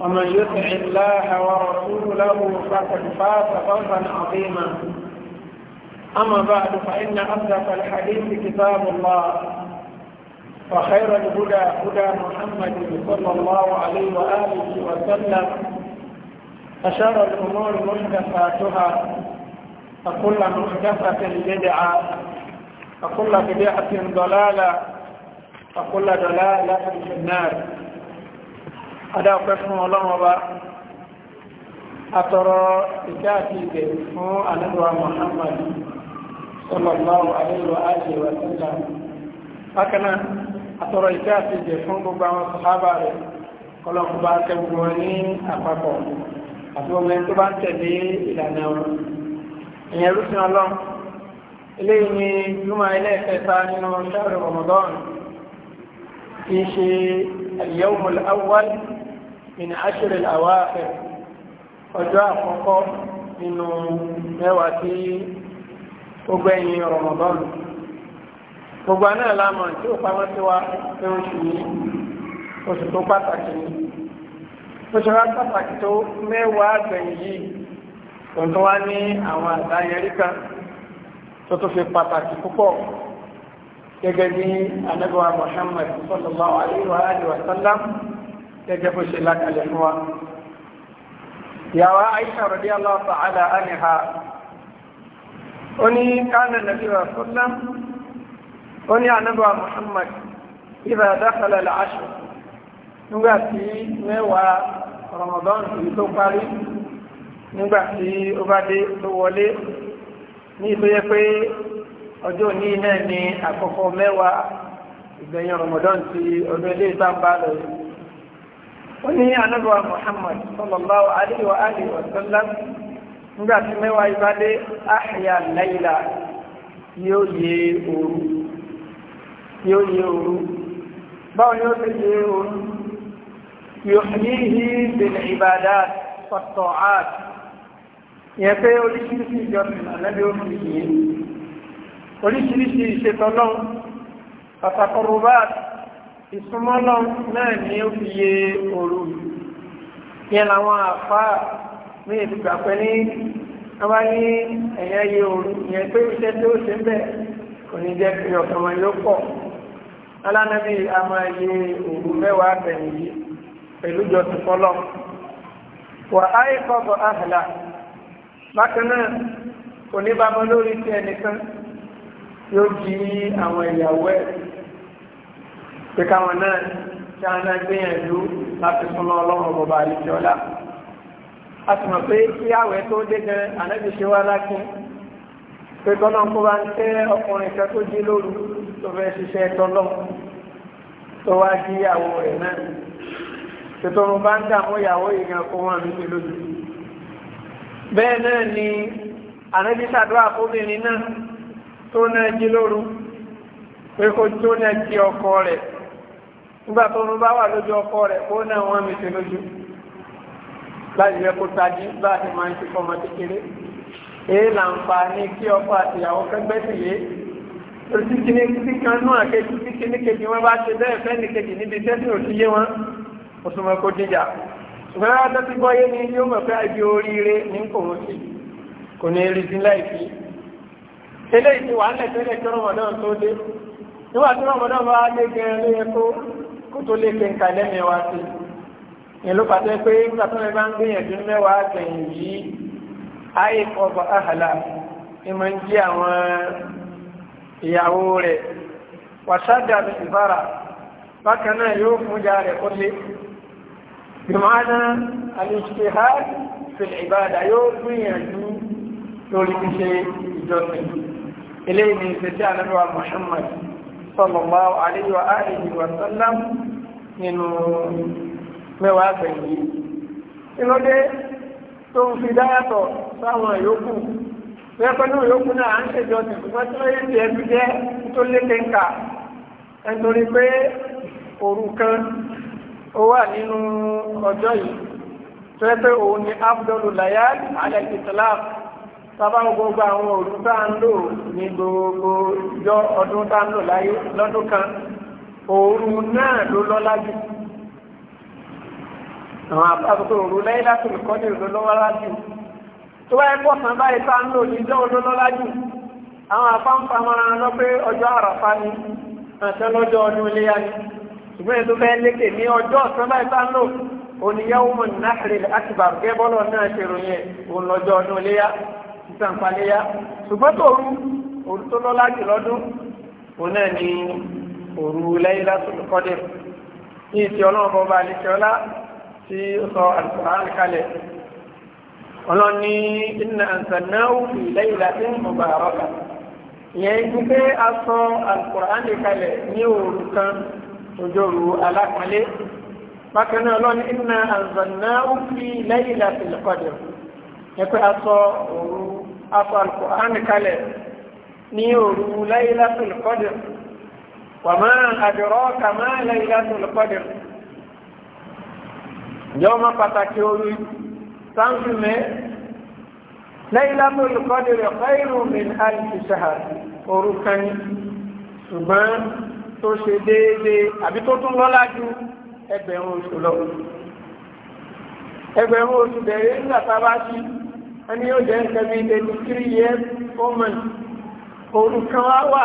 ومن يطع الله ورسوله فقد فاز فوزا عظيما أما بعد فإن أصدق الحديث كتاب الله وخير الهدى هدى محمد صلى الله عليه وآله وسلم فشر الأمور محدثاتها فكل محدثة بدعة فكل بدعة ضلالة فكل ضلالة في النار adáwọ̀pẹ́ fún ọlọ́run ọba atọrọ ìkẹ́ àti ìgbẹ̀ fún àlẹ́lọ́wà Muhammad sallallahu alaihi wa alihi wa sallam bákanáà atọrọ ìkẹ́ àti ìgbẹ̀ fún gbogbo àwọn sàhábà rẹ̀ kọlọ́kùn bá kẹ́gbù wọn ní àpapọ̀ àti ọmọ ẹni tó bá ń tẹ̀lé ìlànà ìyẹn rúfin ọlọ́run eléyìí ni júmọ̀ ẹlẹ́ẹ̀kẹta nínú ṣáàrù Ramadan kì í ṣe al-yawmul awwal من عشر الأواخر وجاء ọjọ́ إنه نواتي وبين رمضان، ó gbẹ̀yìn Ramadan gbogbo náà lámọ̀ tí ó pamọ́ sí wa pé oṣù yìí oṣù tó pàtàkì ni oṣù wa pàtàkì tó mẹ́wàá gbẹ̀yìn kan tó tó fi pàtàkì púpọ̀ gẹ́gẹ́ bí anábíwá Muhammad sallallahu alaihi wa sallam gẹ́gẹ́ bó ṣe lákalẹ̀ fún wa yàwá Aisha radiyallahu ta'ala anha ó ní kánà nàbí wa sallam ó ní anábà Muhammad ìbá dákàlà làásù nígbà tí mẹ́wàá Ramadan yìí tó parí nígbà tí ó bá dé tó wọlé ní ìtòyẹ pé ọjọ́ ní náà ni àkọ́kọ́ mẹ́wàá ìgbẹ̀yìn Ramadan ti ọdún ilé ìtàǹbà lọ yìí ó ní anábọ̀ Muhammad sallallahu alayhi wa alihi wa sallam nígbà tí mẹ́wàá ìbádé àhìyà láìlà yóò yé òru yóò yé òru báwo ni ó ti yé òru yóò ní hí bèèrè ìbádá pọ̀tọ̀ áàtì ìyẹn pé oríṣiríṣi ìjọsìn ìsúnmọ́lọ́ náà ni ó fi yé òru yẹn làwọn àfa mi ìdìgbà pẹ́ ní wọ́n bá ní ẹ̀yà yé òru yẹn pé iṣẹ́ tí ó ṣe ń bẹ̀ kò ní jẹ́ pé ọ̀kan wọn yóò pọ̀ alánàbí a máa yé òru mẹ́wàá bẹ̀rẹ̀ yìí pẹ̀lú jọ̀sìn wà á ìkọ̀kọ̀ àhàlà bákan náà kò ní bá mọ lórí ti ẹnìkan yóò di àwọn ìyàwó ẹ̀ pé káwọn náà tí a náà gbìyànjú láti súnmọ́ ọlọ́run bọ̀bá àríkẹ́ ọlá a sì mọ̀ pé kí àwẹ̀ tó dé gan ànábì ṣe wá lákín pé kọ́nà kó bá ń tẹ́ ọkùnrin kan tó jí lóru tó fẹ́ ṣiṣẹ́ tọ́lọ́ tó wá jí ìyàwó rẹ̀ náà tètò mo bá ń dààmú ìyàwó ìgbà kó wọn mi ṣe lójú bẹ́ẹ̀ náà ni ànábì ṣàdúrà fóbìnrin náà tó náà jí lóru pé kó tó náà jí ọkọ rẹ̀ nígbà tó ń bá wà lójú ọkọ rẹ̀ kó náà wọ́n mi ti lójú láti rẹ̀ kó tají bá ti máa ń ti fọmọ kékeré èyí là ń fa ní kí ọkọ àtìyàwó kẹgbẹ́ sì yé òsì kíní kíní kan nú àkejì sí kíní kejì wọn bá ṣe bẹ́ẹ̀ fẹ́ ní kejì níbi tẹ́sí òsì yé wọn òsùnmọ́ kó díjà ṣùgbọ́n wọ́n tẹ́tí gbọ́yé ní yóò mọ̀ pé àbí oríire ní kò wọ́n sí kò ní rí sí láìsí eléyìí ti wà ń lẹ̀ tẹ́lẹ̀ kí ọmọdé tó dé nígbà tí ọmọdé bá dé gẹ́gẹ́ lóye kó tó lè fi nǹkan lẹ́mìí wá sí ìyẹn ló pàṣẹ pé nígbà tó lè bá ń gbìyànjú mẹ́wàá gbẹ̀yìn yìí ayé kọba ahàlà ni mo ń jí àwọn ìyàwó rẹ̀ wàṣáàdà mi ìbára bákan náà yóò fún ìjà rẹ̀ kó lé bìmọ́nà àlùsíhá fìlì ìbáàdà yóò gbìyànjú lórí ṣíṣe ìjọsìn eléyìí ni ìṣẹ́jẹ́ àlọ́wà nínú mẹ́wàá gbẹ̀yìn yìí inú dé tó ń fi dáyàtọ̀ sáwọn yòókù lẹ́pẹ́ náà yòókù náà à ń ṣèjọ tìfúnpẹ́ tó yé ti ẹbí jẹ́ tó lékè ń kà pé òru kan ó wà nínú ọjọ́ yìí tó yẹ pé òun ni abdul layal alẹ́ islam sábà gbogbo àwọn òru tá à ń lò ní gbogbo ọjọ́ ọdún tá ń lò láyé lọ́dún kan òru náà ló lọ́lá jù àwọn àbáfẹ́ òru lẹ́yìn láti nìkan ní òru lọ́lá jù tó bá yẹ sàn báyìí tá a ń lò ní lọ́lá jù àwọn lọ pé ọjọ́ àràfá ni àti ọlọ́jọ́ ọdún iléyà ni ṣùgbọ́n ètò bẹ́ẹ̀ lékè ní ọjọ́ ọ̀sán báyìí ń lò oníyàwó òru lẹ́yìnlá tó kọ́dé ní ti ọlọ́run bọ́ba àlekẹ́ọ́lá tí ó sọ Al-Qur'an kalẹ̀ ọlọ́run ní inna anzalnahu fi laylatin mubarakah ìyẹn gbígbé aṣọ Al-Qur'an kalẹ̀ ní òru kan ojóru alákànlé bákan náà ọlọ́run inna anzalnahu fi laylatil qadr ẹ̀pẹ́ aṣọ òru aṣọ al kalẹ̀ ní òru Laylatul Qadr وما أدراك ما ليلة القدر يوم فتكيوي تنظم ليلة القدر خير من ألف شهر أروكني ṣùgbọ́n tó ṣe déédéé àbí tó tún ẹgbẹ̀rún oṣù bẹ̀rẹ̀ nígbà tá a ẹni yóò jẹ́ nǹkan bíi twenty three years four months òru wá wà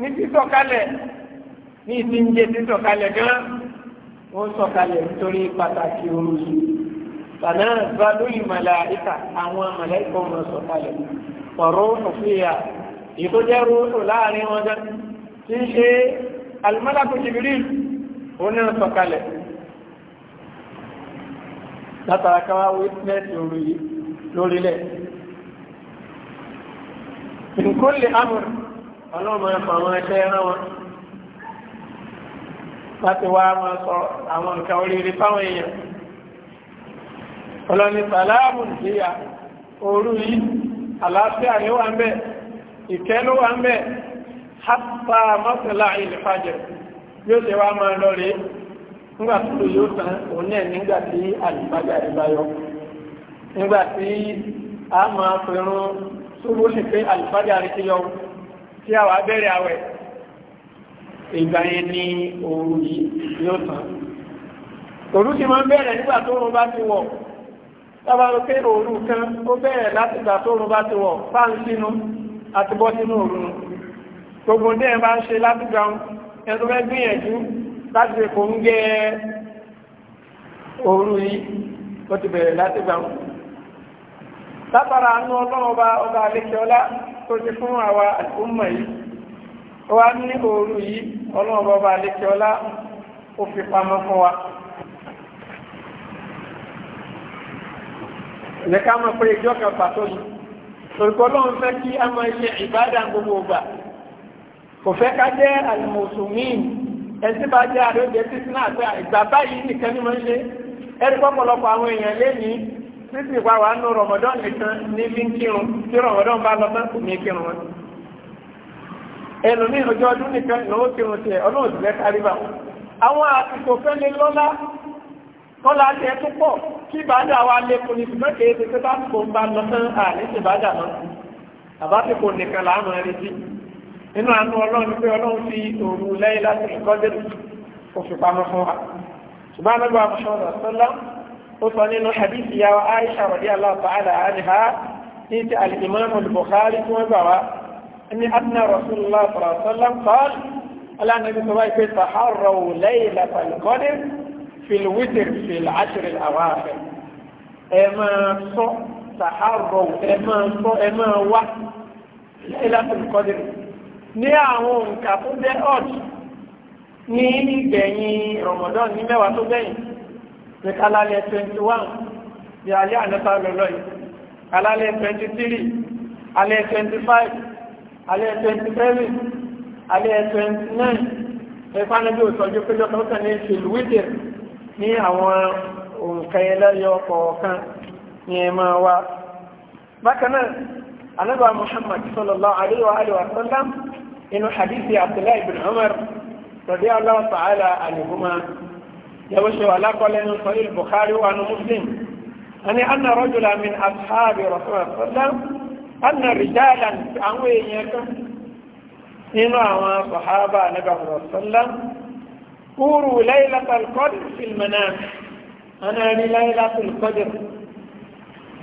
ní sísọ̀kalẹ̀ ní ìsinjẹ sísọ̀kalẹ̀ gan ó sọ̀kalẹ̀ nítorí pàtàkì oruṣu tànà balùwì màláìkà àwọn màláìkà ọmọ sọ̀kalẹ̀ ọ̀rọ̀ òfìyà ìtọ́jẹ́ rúrú láàrin wọn jẹ́ tí ń ṣe alìmọ́lákù Jibril oní sọ̀kalẹ̀ látara káwà witness lórílẹ̀ min kulli ọlọ́mọ ẹ̀fọ́ àwọn ẹ̀ṣẹ́ ẹran wọn láti wá máa sọ àwọn nǹkan oríire fáwọn èèyàn ọlọ́ni sàlámù níyà òru yìí àlàáfíà ni wà ń bẹ ìkẹ́ ló wà ń bẹ hátà mọ́sílá ìlúfàjẹ̀ yóò ṣe wá máa lọ rèé nígbà yóò tán òun náà nígbà tí àlùfàjà rẹ̀ a máa pẹ̀rún tó ló pé àlùfàjà rẹ̀ ti yọ tí a wà bẹ̀rẹ̀ àwẹ̀ ìgbà yẹn ní òru yìí yóò tán òru ti máa ń bẹ̀rẹ̀ nígbà tó rún bá ti wọ̀ tábà ló pé òru kan ó bẹ̀rẹ̀ láti ìgbà tó rún bá ti wọ̀ fáà ń sínú àti bọ́ sínú òru gbogbo ní ẹ̀ bá ń ṣe látìgbà ẹni tó fẹ́ gbìyànjú láti lè kò ń gẹ́ òru yìí ó ti bẹ̀rẹ̀ látìgbà wọn látara anú ọlọ́ọba ọba àlékiọlá tó ti fún àwa àkúmọ̀ yìí ó wá ní òru yìí ọlọ́ọba ọba àlékiọlá ó fi pamọ́ fún wa lẹ́ka mọ̀ pé ìjọ kan pàtó ni torúkọ lọ́n fẹ́ kí a máa ṣe ìbádà gbogbo ọgbà kò fẹ́ ká jẹ́ àlùmọ̀sùnmí ẹtí bá jẹ́ àdójẹ́ títí náà pé ìgbà báyìí nìkan ni mo ń ṣe ẹ̀rí pọ̀pọ̀lọpọ̀ àwọn èèyàn lénìí títí wá wà nù rọmọdán nìkan níbi ń kírun tí rọmọdán bá lọ tán kò ní kírun wọn. ẹlòmíì ọjọ́ ọdún nìkan ìnáwó kírun tiẹ̀ ọlọ́run ti lẹ́ka rí bá wọn. àwọn àtìkò fẹ́lẹ́ lọ́lá kọ́lá tiẹ̀ tó pọ̀ kí ìbàdà wa lé kun ní ṣùgbọ́n kì í ṣe pé bá kò ń bá lọ tán àní ṣe ìbàdà náà. àbátìkò nìkan làánú ẹ retí. inú àánú ọlọ́run pé ọlọ́run fi òru lẹ́yìn láti ìkọ́jẹ́ ó sọ nínú hadithi yàwó aisha radiyallahu ta'ala anha ní ti al-imam al-bukhari tí wọ́n gbà wá ní adna rasulullah sallallahu alaihi wasallam qal alánàbí sọ wáyé pé taharraw laylatal qadr ìgbẹ̀yìn ramadan ní mẹ́wàá tó gbẹ̀yìn ní 21 bí alẹ́ ànẹ́ta lọ́lọ́ yìí kálálẹ̀ 23 alẹ́ 25 alẹ́ 27 alẹ́ 29 ẹ̀fánẹ́bí òsọ́jú péjọ tọ́tọ̀ ní ìṣèlú wíjẹ̀ ní àwọn òǹkẹyẹlẹ́yọ kọ̀ọ̀kan ní ẹmọ wa bákan náà anábà Muhammad sallallahu alaihi wa alihi wa sallam inú hadithi Abdullahi bin Umar radiyallahu ta'ala anhuma yẹ́wọ́ ṣe wà lákọ́lẹ́ ní sọ́yí Bukhari wa ní Muslim ẹni anna rọ́jùlá min ashabi rasulullah anna rijalan àwọn èèyàn kan nínú àwọn sahaba nígbà rasulullah kúrú laylatul qadr fil manam ana rí laylatul qadr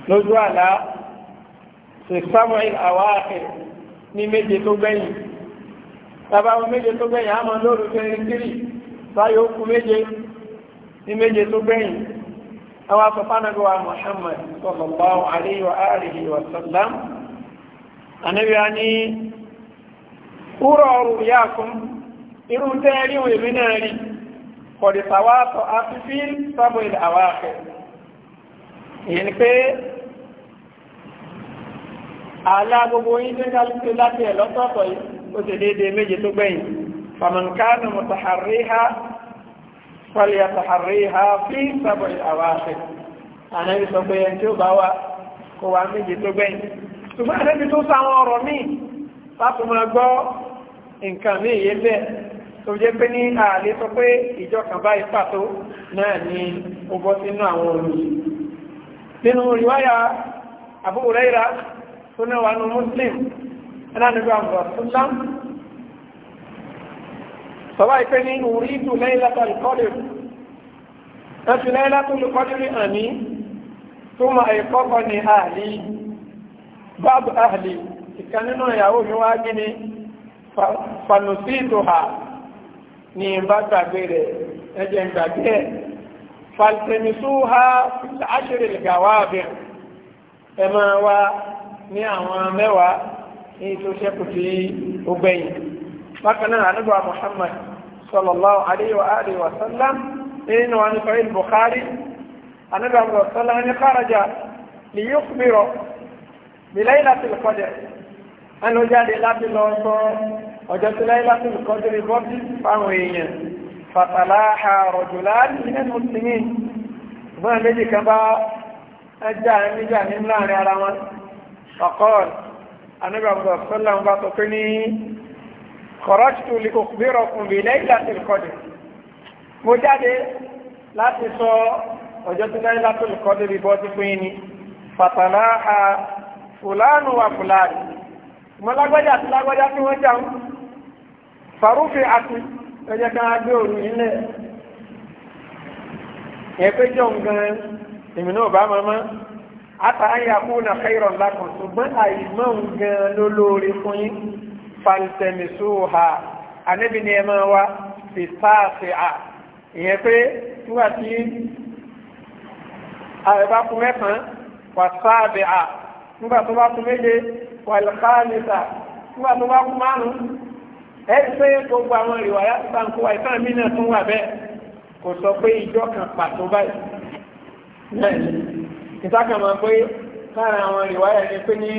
lójú àlá ṣe sábàáyì àwáàkẹ́ ní méje tó gbẹ̀yìn tàbá méje tó gbẹ̀yìn àmọ́ lórí fẹ́rin kiri báyìí ó kú méje ní méje tó gbẹ̀yìn àwọn asọ̀fánàgbà Muhammad sallallahu alayhi wa alihi wa sallam ànábì a ní kúrò ọrù ìyá kún irú tẹ́ẹ̀rí wọn èmi náà rí kọ̀dìsàwátọ̀ afífí sábọ̀ ilẹ̀ àwáàfẹ́ ìyẹn pé àlá gbogbo yín tó kálùkù láti ẹ̀ yìí ó fọ́lìyàtàhàríhà fi sábọ̀ àwáṣẹ́ ànábì sọ pé ẹni tí ó bá wá kó wá méje tó gbẹ̀yìn ṣùgbọ́n ànábì tó sáwọn ọ̀rọ̀ míì láti máa gbọ́ nǹkan ní ìyé bẹ́ẹ̀ tó jẹ́ pé ní ààlé sọ pé ìjọ kan báyìí pàtó náà ni ó bọ́ sínú àwọn olùsí nínú ìwáyà Abu Hurairah tó náà wà nù Muslim ẹ̀nà nígbà mọ̀ sọ́wọ́ ìpé ní uridu Laylatul Qadr wọ́n fi Laylatul Qadr àní thumma ayqadhani ahli báàbù ahli ìkan nínú ìyàwó mi wá gíní fanusituha ní ìbá gbàgbé rẹ̀ ẹ̀jẹ̀ gbàgbé ẹ̀ faltemisuha fil-ashri al-gawabir ẹ̀ máa wá ní àwọn mẹ́wàá ní tó ṣẹ́kù bákan náà àdúgbò Muhammad sallallahu alayhi wa alihi wa sallam nínú wa ní sahih Bukhari àdúgbò Muhammad sallam ní kárajà ní yóò fi rọ bilaylatil qadr ẹnu jáde láti lọ sọ ọjọ́ tí laylatil qadr bọ́ọ̀dì fáwọn èèyàn fatalaha rajulan minal muslimin ṣùgbọ́n méjì kọ̀rọ̀tù lè òkúbẹ̀rọ̀ kùn bí lẹ́yìnlá ti kọ́dì mo jáde láti sọ ọjọ́ tí lẹ́yìnlá tó lè kọ́dì rí bọ́ ti fún yín ni fàtàlá ha fùlánù wa fùlánù mo lágbájá àti lágbájá tí wọ́n jàun farufe àti ẹjẹ́ kan agbé òru ilẹ̀ yẹn pé jọ̀ǹ gan-an ìmìnà ọba mọ́mọ́ àtàáyà kúnà kẹ́rọ̀ ńlá kan fún yín fàǹtẹ̀mísúhà ànábì ní ẹ wa wá fi sáàfì à ìyẹn pé túwà tí ààrẹ bá kú mẹ́sàn-án wà sáàbì à nígbà tó bá kú méje wà lẹ́kàálẹ́sà nígbà tó bá kú márùn-ún ẹ pé gbogbo àwọn ìwàyà tó bá ń wa ìtàn mí náà tún wà bẹ́ẹ̀ kò sọ pé ìjọ kan pàtó báyìí náà ìtàkàmọ̀ pé láàrin àwọn ìwàyà ni pé ní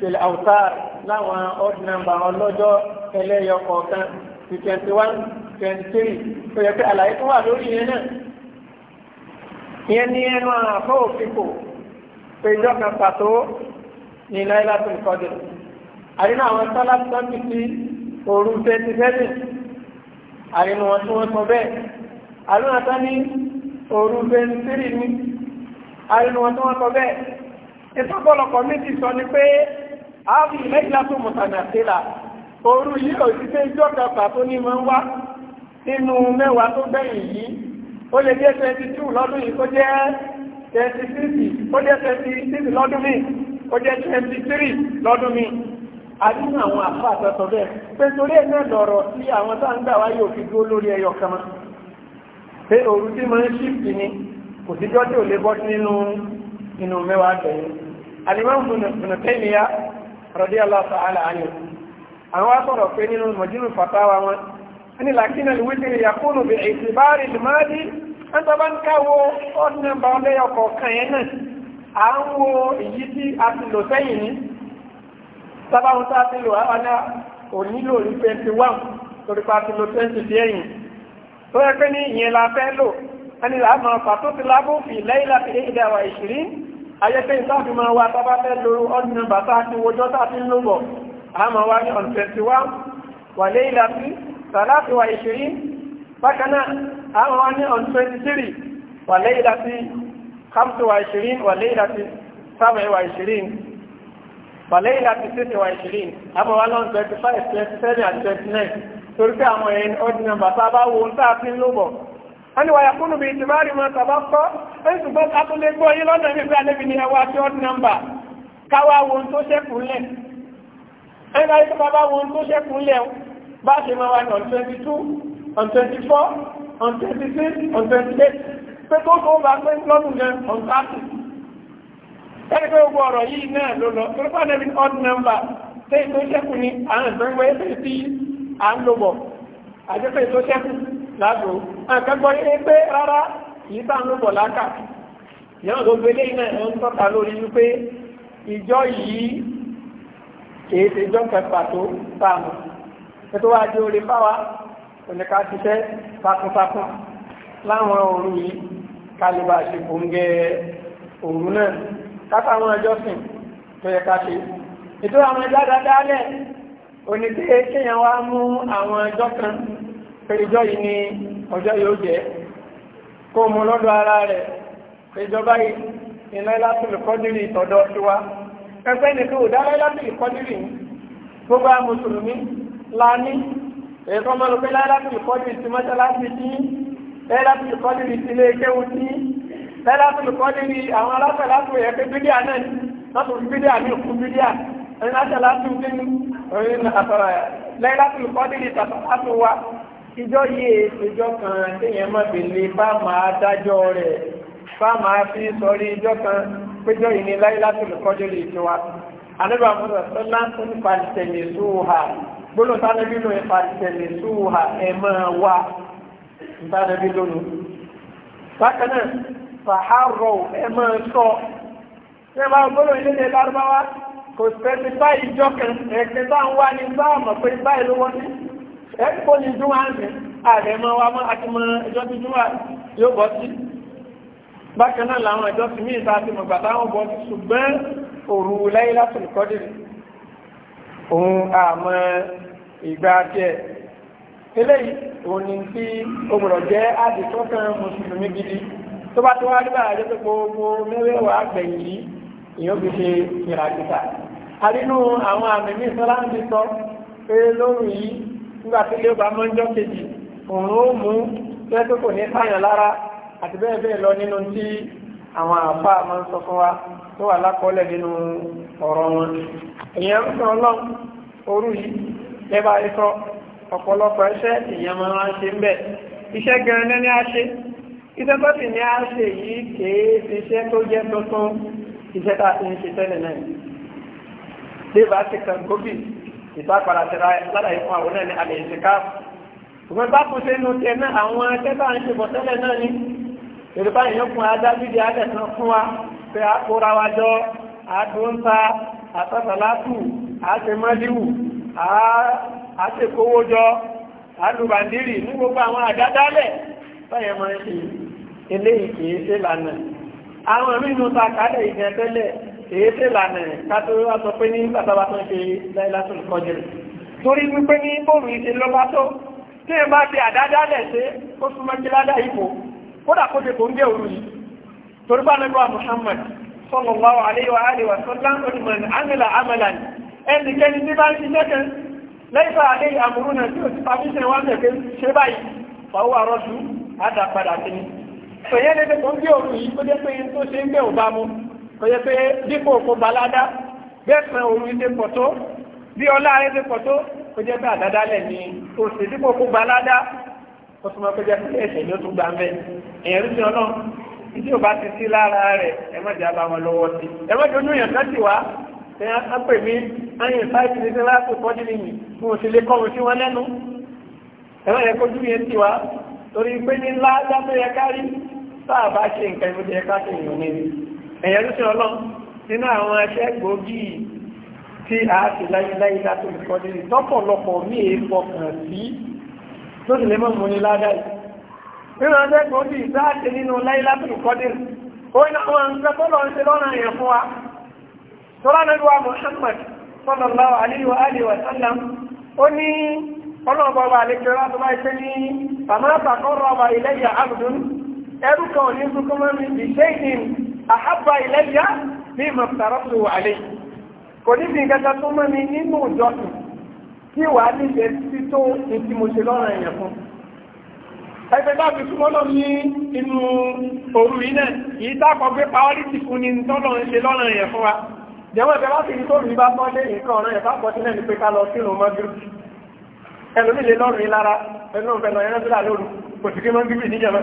ṣẹlẹ̀ àwùtáàrì láwọn odd number ọlọ́jọ́ ẹlẹ́yọ kọ̀ọ̀kan ti twenty one twenty three tó yẹ pé àlàyé tó wà lórí yẹn náà ìyẹn ní ẹnu àfọ́ òfìkò pé ìjọ kan pàtó ní Lailatul Qadr àrínú àwọn sálásán ti fi òru 27? seven àrínú wọn tí wọ́n sọ bẹ́ẹ̀ àrínú àtá ní òru twenty three ní àrínú wọn tí wọ́n sọ bẹ́ẹ̀ ìtọ́pọ̀lọpọ̀ méjì sọ ni pé ààrùn ìlẹ́gbẹ̀lá tó mọ̀tàdàsílà orú yìí òṣìṣẹ́ ìjọ kẹfà tó ní mọ́ wá nínú mẹ́wàá tó gbẹ̀yìn yìí ó lè jẹ́ 22 lọ́dún yìí kó jẹ́ 36 ó jẹ́ 36 lọ́dún mi ó jẹ́ 23 lọ́dún mi àdínú àwọn àfà àtọ́tọ́ bẹ́ẹ̀ pé torí ẹ̀ náà lọ̀rọ̀ sí àwọn wá yóò fi dúró lórí ẹyọ kan pé òru tí mo ń ṣíìpì ni kò síjọ́ tí lè bọ́ radiyallahu ta'ala anhu àwọn wá sọ̀rọ̀ pé nínú mọ̀jínú fatawa wọn ní làkínà ìwítìrì yakunu bí ìtìbárì ìdìmáàdì ń tọ́bá ń káwo ọ́dún nọ́mbà ọlẹ́yọ kọ̀ọ̀kan yẹn náà à ń wo èyí tí a ti lò sẹ́yìn ní sábàwọn tá a ti lò àwọn onílò ní tó yẹ pé ní ìyẹn la fẹ́ lò ẹni làá mọ̀ pàtó ayẹ́kẹ́ ìsáàfì máa wá tàbá fẹ́ lórí ọdún nọmbà sáàtì wọjọ́ sáàtì lóbọ̀ àmà wá ní ọ̀n 21 wà lé ìlàtí sàláàtì wà ìṣèrí bákanáà àmà wá ní ọ̀n 23 wà lé ìlàtí khamsi wà ìṣèrí wà lé ìlàtí sábà wà ìṣèrí wà lé ìlàtí sèse wà ìṣèrí àmà wá lọ́n 25 27 àti 29 torí pé àwọn ẹ̀yìn ọdún nọmbà sábà wo sáàtì lóbọ̀ wọ́n wáyà kúnnù bí ìtìmárì máa tàbá kọ́ ẹni ṣùgbọ́n kátólé gbọ́ yí lọ́nà ìbí alẹ́bí ni ẹwà tí ọ́d nọ́mbà káwá wo tó ṣẹ́kù lẹ̀ ẹni láyé tó bá wo tó ṣẹ́kù lẹ̀ bá ṣe máa wà ní on twenty two on twenty four on twenty six on twenty eight pé tó tó bá pé lọ́dún on thirty ẹni pé gbogbo ọ̀rọ̀ yìí náà ló lọ tó bá nẹ́bí ọ́d nọ́mbà tẹ́ ìtó ṣẹ́kù ni àwọn ìgbẹ́ngbẹ́ lágbo àkẹ́gbọ́ yé pé rárá yìí bá ń bọ̀ lákà yọ́n tó gbélé iná ẹ̀ ń tọ́ka lórí wípé ìjọ yìí kìí ṣe ìjọ kẹfà tó sáàmù ètò wá di orí báwa òníkà ṣiṣẹ́ takuntakun láwọn òru yìí kálíbà ṣe kòǹgẹ́ òru náà kápá àwọn ẹjọ́sìn tó yẹ ká ṣe àwọn ẹjọ́ dáadáa lẹ̀ wá mú àwọn ẹjọ́ kan pé ìjọ yìí ni ọjọ́ yóò jẹ́ kó mú lọ́dọ̀ ara rẹ̀ pé ìjọba yìí ni láìlátùlù kọ́dìrì ìtọ̀dọ̀ tiwa ẹgbẹ́ ni kí òdá láìlátùlù kọ́dìrì gbogbo àwọn mùsùlùmí la ní èyí kan máa lọ pé láìlátùlù kọ́dìrì ti mọ́ṣáláṣí tí láìlátùlù kọ́dìrì ti ilé kéwu tí láìlátùlù kọ́dìrì àwọn aláṣẹ láti ní òkú bídíà ẹni láṣẹ láti ìjọ yìí ìjọ kan téèyàn má fi lè bá máa dájọ́ rẹ̀ bá máa fi sọrí ìjọ kan péjọ yìí ní láyé láti olùkọ́jọ́ lè jọ wa àdébà mọ́tò sọ́lá tó ń palìtẹ̀lẹ̀ sóòhà gbólóhùn tánàbí lóyún palìtẹ̀lẹ̀ sóòhà ẹ̀ máa wá tánàbí lónìí. bákan náà fàhárọ̀ ẹ̀ máa sọ ṣé máa gbólóhùn ilé ní lárúbáwá kò sẹ́ni báyìí jọ kan ẹ̀ẹ́dẹ́gbẹ̀ta ń wá ní báàmọ̀ pé báyìí ló wọ́n ní ẹ̀rí kò ní júmọ́ àmì ààrẹ mọ́ wa mọ́ àti mọ́ ẹjọ́ tí júmọ́ yóò bọ́ sí bákan náà làwọn ẹjọ́ tí míì sáà ti mọ̀ gbà táwọn bọ́ sí ṣùgbọ́n òru Laylatul Qadr òun àmọ́ ìgbà díẹ̀ eléyìí òun ni tí ó gbọ́dọ̀ jẹ́ àdìsọ́kàn mùsùlùmí gidi tó bá tó wá rí báyà jẹ́ pé gbogbo mẹ́wẹ́wàá gbẹ̀yìn yìí ìyóò fi ṣe nígbà tí ilé ọba mọ́jọ́ kejì òun ó mú pé kò ní sáyàn lára àti bẹ́ẹ̀ bẹ́ẹ̀ lọ nínú tí àwọn àfa máa ń sọ fún wa tó wà lákọọ́lẹ̀ nínú ọ̀rọ̀ wọn èèyàn ń sọ ọlọ́run orú yìí lẹ́bà ẹ̀sọ́ ọ̀pọ̀lọpọ̀ iṣẹ́ èèyàn máa ń ṣe ń bẹ̀ iṣẹ́ gẹ̀rẹ́ ní a ṣe iṣẹ́ tó sì ní a ṣe yìí kèé iṣẹ́ tó jẹ́ tuntun iṣẹ́ tá a ti ń ṣe tẹ́lẹ̀ náà lẹ́bà ti kàn gómìnà ìbápadà tẹ́lá ládàá fún àwọn náà ní alẹ́ ìṣẹ́ká ṣùgbọ́n bá kún sínú tẹ náà àwọn akẹ́bà ń ṣe bọ̀ tẹ́lẹ̀ náà ní yorùbá èèyàn fún adájúdé alẹ́sàn fún wa pé a kóra wa jọ àdúntà àtọ́sàlátù àṣemọ́díwù àṣekówó jọ alùbàndírì ní gbogbo àwọn àdádálẹ̀ báyẹn máa ń ṣe eléyìí kìí ṣe lànà àwọn mínú ta kálẹ̀ ìgbẹ́ èyí tẹ́ lànà kátó wá sọ pé ní bàtàbà tó ń ṣe láìláṣùn kọjẹ̀ torí wípé ní bóòrù ìṣe lọ́bá tó tí ẹ bá ṣe àdájá lẹ̀ ṣe ó súnmọ́ kí ládá ipò kódà kó ṣe tó ń jẹ́ òru yìí torí bá lọ́gbà Muhammad sallallahu alaihi wa alihi wa sallam onímọ̀ ní amílà amílà kan lẹ́yìn àlẹ́ àmúrú náà tí ó ti pàmí ṣe wá mẹ́fẹ́ ṣe báyìí fàwọ́ àrọ́ṣù àdàpadà sí ni. sọ̀yẹ́ lẹ́gbẹ̀ẹ́ tó ń gbé òru yìí tó jẹ́ pé tó ṣe ń gbé òbá kò yẹ pé dípò kò balada bẹ́ẹ̀sán orí ṣe pọ̀ tó bí ọlá rẹ̀ ṣe pọ̀ tó kò jẹ́ pé àdáda lẹ̀ ní oṣù dípò kò balada kò tó máa kó jẹ́ pé ẹ̀ṣẹ̀ ni ó tún gbà mẹ́ èèyàn rí sí ọ náà ìdí ò bá ti sí lára rẹ̀ ẹ má jẹ́ àbáwọn lọ́wọ́ sí ẹ má jẹ́ onúyàn kan ti wá ẹ á pè mí ayin fáìtì ní sílá tó kọ́ nínú yìí fún òṣèlè kọ́run sí wọn lẹ́nu ẹ má yẹ kójú yẹn ti wá torí pé ní ńlá dábẹ́ yẹ kárí sáà bá ṣe nǹkan ìbúdí ẹ ká ṣe ìyọ̀nẹ́ni ẹ̀yẹ ló ṣe ọlọ́ nínú àwọn ẹṣẹ́ gbòógì tí a ṣe láyéláyé látò ìkọ́dé tọ́pọ̀lọpọ̀ mí è fọkàn sí tó sì lè mọ́ mú ní ládàá nínú ẹṣẹ́ gbòógì tá a ṣe nínú láyé látò ìkọ́dé ó ní àwọn nǹkan tó lọ ń ṣe lọ́nà yẹn fún wa tó lọ́nà ìlú wa Muhammad sallallahu alaihi wa alihi wa sallam ó ní ọlọ́ọ̀bọ̀ ọba àlejò láti bá ṣe ní bàmá àtàkọ́ rọ̀ọ̀bà ilẹ̀ yà àhábà ìlẹ́yà ní ìmọ̀tàrọ́tò àlẹ́ kò ní fi nǹkan kan tó mọ́ mi nínú ìjọsìn kí wà á nífẹ̀ẹ́ títí tó ní tí mo ṣe lọ́rọ̀ èèyàn fún ẹgbẹ́ bá fi súnmọ́ lọ ní inú òru yìí yìí dákọ̀ pé pàwọ́lìtì fún ni tọ́lọ̀ ń ṣe lọ́rọ̀ èèyàn fún wa jẹ́wọ́n ẹgbẹ́ bá fi ní tó rí bá tọ́lé nǹkan ọ̀rọ̀ ẹ̀fà pọ̀ sílẹ̀ ní pé ká lọ sínú mọ́gírùpù ẹlòmílẹ̀ lọ́rùn yìí lára ẹlòmílẹ̀ lọ́rùn yìí lára lóru kò sì kí mọ́gírùpù níjọba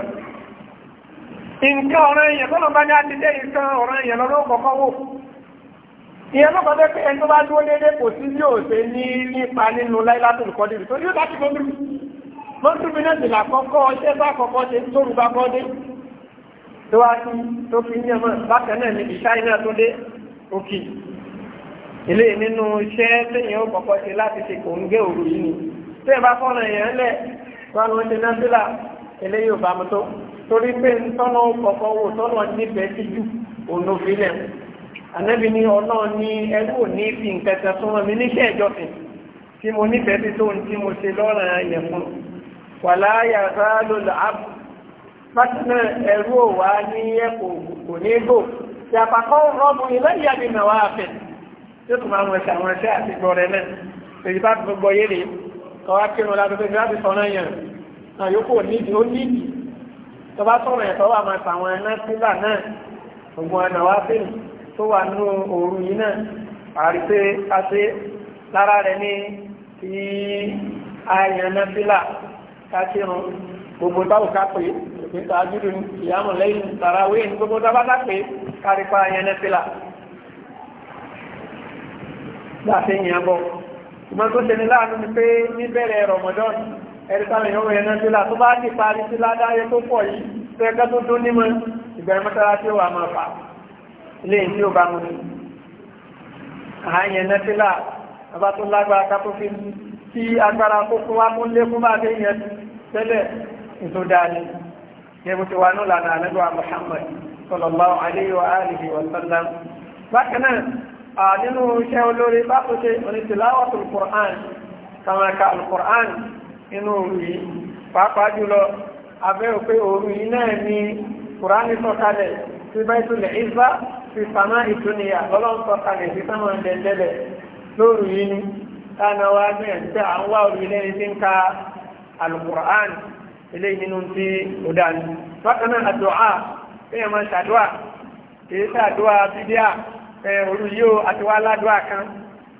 nǹkan ọ̀rọ̀ èèyàn tó lọ bá ní àtijọ́ nǹkan ọ̀rọ̀ èèyàn lọ́dún kọ̀ọ̀kan wò ìyẹn lọ́kọ̀ bẹ́ẹ̀ pé ẹni tó bá dúró déédé kò sí bí òṣè ní nípa nínú láìláàtò ìkọ́dìrì tó yóò láti mọ́túrú mọ́túrú náà sì làkọ́kọ́ ọṣẹ́ bá kọ́kọ́ ṣe tóru bá kọ́ dé tó wá sí tó fi ní ọmọ bákan náà ní ìṣá iná tó dé òkè ilé nínú iṣẹ́ téèyàn ó kọ́kọ́ ṣe láti ṣe kò ń gé òru yìí ni téèyàn bá fọ́nà èèyàn lẹ̀ wá ló ń ṣe náà sílà eléyìí ò bá mu tó torí pé ń tọ́nà ọkọ̀ owó tọ́nà nífẹ̀ẹ́ sí jù ònàfilẹ̀ ànábì ní ọlọ́run ní ẹrú òní fi nǹkan kan súnmọ́ mi níṣẹ́ ìjọsìn tí mo nífẹ̀ẹ́ sí tó ń tí mo ṣe lọ́rọ̀ yẹn fún wà láyà sáálò làábù bákanná ẹrú òwà ní ẹ̀kọ́ kò ní bò tí àpapọ̀ tó bá sọ̀rọ̀ yẹn tó wà máa tàwọn ẹ̀ná sílà náà gbogbo ẹ̀nà wá sí tó wà nínú òru yìí náà àrí pé a ṣe lára rẹ̀ ní ti àyànná sílà káṣírun gbogbo táwọn ká pé ìpínta ajúdù ìyàmù lẹ́yìn tàràwé ní gbogbo tábà ká pé kárípa àyànná sílà gbà sí ìyàn bọ̀ ìmọ̀ tó ṣe ní láàánú ni pé níbẹ̀rẹ̀ Ramadan ẹ̀rìsáàmì yóò rẹ̀ náà sílá tó bá ti parí sí ládáyé tó pọ̀ yìí tó ẹgbẹ́ tó dún nímọ̀ ìgbà mọ́tara tí ó wà máa fà ilé ìdí ò bá mú ní. àyẹ̀ náà sílá bàbá tó lágbára ká tó fi kí agbára kó fún wa mú yẹ́bù ti wà ní ìlànà àlẹ́gbà Muhammad sallallahu alayhi wa alihi wa sallam. nínú iṣẹ́ olórí bá tó ṣe onítìláwàtul Qur'an kàmáka quran inú òru yìí pàápàá jùlọ abẹ́ òpé òru yìí náà ni kùránì sọ̀kalẹ̀ sí bẹ́tùlẹ̀ ìfà sí sàmá ìtúnìyà ọlọ́run sọ̀kalẹ̀ sí sámà dẹ̀ndẹ̀lẹ̀ lóru yìí ni táwọn wá ní ẹ̀ tí à ń wá òru yìí lẹ́ni tí ń ka alukur'an ilé nínú tí ó dání. bákan náà àdúà kéèyàn máa kan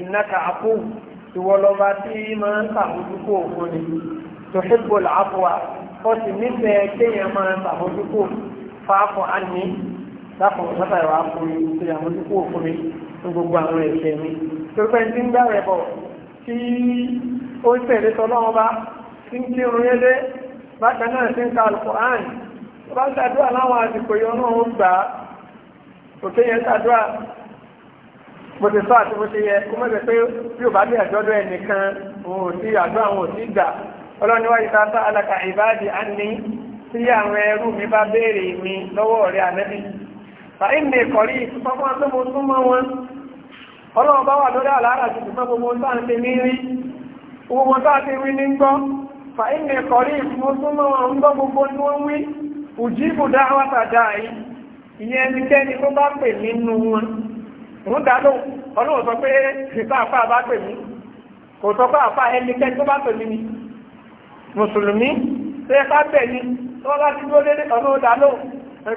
ìnáka àpò ìwọlọba tí máa ń sàmójúkò òfin ni tòṣìbòlù àpòwà ó sì nífẹ̀ẹ́ kéèyàn máa ń sàmójúkò fáfọ̀ àní láfọ̀ mọ́tà ìwà àpòyí tó sàmójúkò òfin mi ní gbogbo àwọn ẹ̀ṣẹ̀ mi tó fẹ́ ti ń gbà bọ̀ tí ó ń tẹ̀lé tọ́lọ́wọ́ba tí ń kí orin ẹlẹ́ bákan náà ti ń ka alukur'an tó bá ń ṣàdúrà láwọn àsìkò yọ náà ó gbà òkè yẹn ṣàdúrà mo ti sọ àti mo ti yẹ kó mọ̀ pé bí o bá bí àjọ̀dọ̀ ẹnìkan òun ò sí àjọ alaka ìbáàdì á ní tí àwọn ẹrú mi bá béèrè mi lọ́wọ́ rẹ̀ ànẹ́bí fàíǹdè kọ̀rí ìtúpapọ̀ tó mo tún mọ́ wọn ọlọ́run bá wà lórí àlàárà gbogbo ti rí ti rí ní gbọ́ mo tún mọ́ wọn ń gbogbo tí wọ́n wí wọ́n dá lóhùn ọlọ́run sọ pé ìfà àfà bá pè mí kò sọ pé àfà ẹnikẹ́ni tó bá pè mí ni mùsùlùmí tó yẹ ká bẹ̀ ni tó bá ti dúró lé ọlọ́run dá lóhùn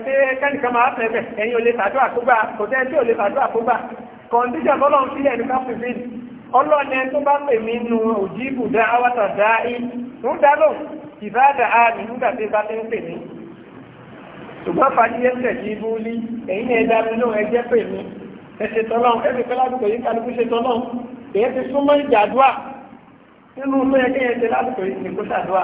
pé kẹ́nìkan máa fẹ́ bẹ̀ ẹ̀yin ò lè fàdó àkógbà kò tẹ́ tí ò lè fàdó àkógbà kọ̀ǹdíṣàn ọlọ́run sílẹ̀ ní ká fìfì ọlọ́ọ̀ni tó bá pè mí nu òjì ibùdó awátà dáa í ń dá lóhùn ìbáàdà àmì nígbà tí bá ti ń pè mí ṣùgbọ́n fàdíyẹ́ ń sí ibú lí ẹ̀yin ẹ̀dá mi náà ẹjẹ́ pè mí ẹsẹ̀ tọ́lọ́n ẹbí pẹ́ládùkọ̀ yìí kálukú ṣe tọ́lọ́n èyẹ ti súnmọ́ ìjà àdúrà nínú ló yẹ kéyẹ ṣe ládùkọ̀ yìí kó ṣàdúrà